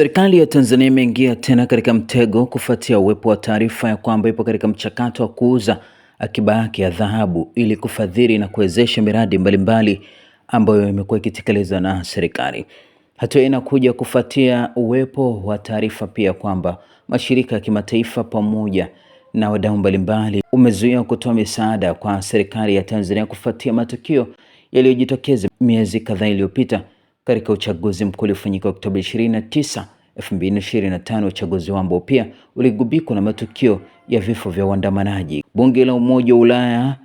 Serikali ya Tanzania imeingia tena katika mtego kufuatia uwepo wa taarifa ya kwamba ipo katika mchakato wa kuuza akiba yake ya dhahabu ili kufadhili na kuwezesha miradi mbalimbali ambayo imekuwa ikitekelezwa na serikali. Hatua inakuja kufuatia uwepo wa taarifa pia kwamba mashirika ya kimataifa pamoja na wadau mbalimbali umezuia kutoa misaada kwa serikali ya Tanzania kufuatia matukio yaliyojitokeza miezi kadhaa iliyopita katika uchaguzi mkuu uliofanyika Oktoba 29, 2025, uchaguzi ambao pia uligubikwa na matukio ya vifo vya waandamanaji. Bunge la Umoja wa Ulaya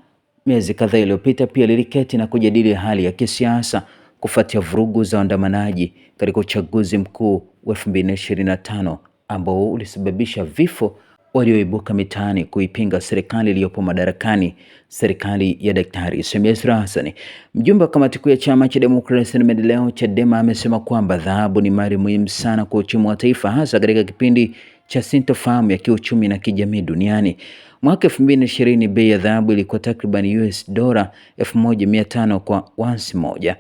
miezi kadhaa iliyopita pia liliketi na kujadili hali ya kisiasa kufuatia vurugu za waandamanaji katika uchaguzi mkuu wa 2025 ambao ulisababisha vifo walioibuka mitaani kuipinga serikali iliyopo madarakani, serikali ya Daktari Samia Suluhu Hassan. Mjumbe wa kamati kuu ya chama cha demokrasia na maendeleo Chadema amesema kwamba dhahabu ni mali muhimu sana kwa uchumi wa taifa, hasa katika kipindi cha sintofahamu ya kiuchumi na kijamii duniani. Mwaka 2020 bei ya dhahabu ilikuwa takriban US dola 1500 kwa once moja,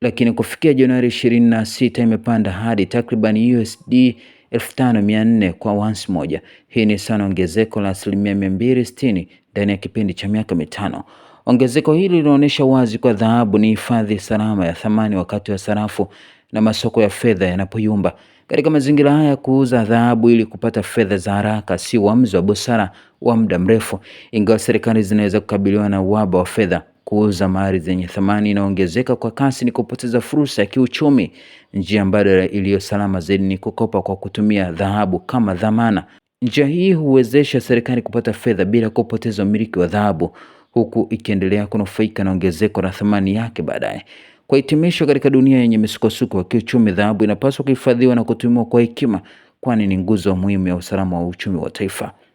lakini kufikia Januari 26 imepanda hadi takriban USD 5400 kwa once moja. Hii ni sana ongezeko la asilimia 260 ndani ya kipindi cha miaka mitano. Ongezeko hili linaonyesha wazi kwa dhahabu ni hifadhi salama ya thamani wakati wa sarafu na masoko ya fedha yanapoyumba. Katika mazingira haya, kuuza dhahabu ili kupata fedha za haraka si uamuzi wa busara wa muda mrefu, ingawa serikali zinaweza kukabiliwa na uhaba wa fedha kuuza mali zenye thamani inaongezeka kwa kasi ni kupoteza fursa ya kiuchumi. Njia mbadala iliyo salama zaidi ni kukopa kwa kutumia dhahabu kama dhamana. Njia hii huwezesha serikali kupata fedha bila kupoteza umiliki wa dhahabu, huku ikiendelea kunufaika na ongezeko la thamani yake baadaye. Kwa hitimisho, katika dunia yenye misukosuko wa kiuchumi, dhahabu inapaswa kuhifadhiwa na kutumiwa kwa hekima, kwani ni nguzo muhimu ya usalama wa uchumi wa taifa.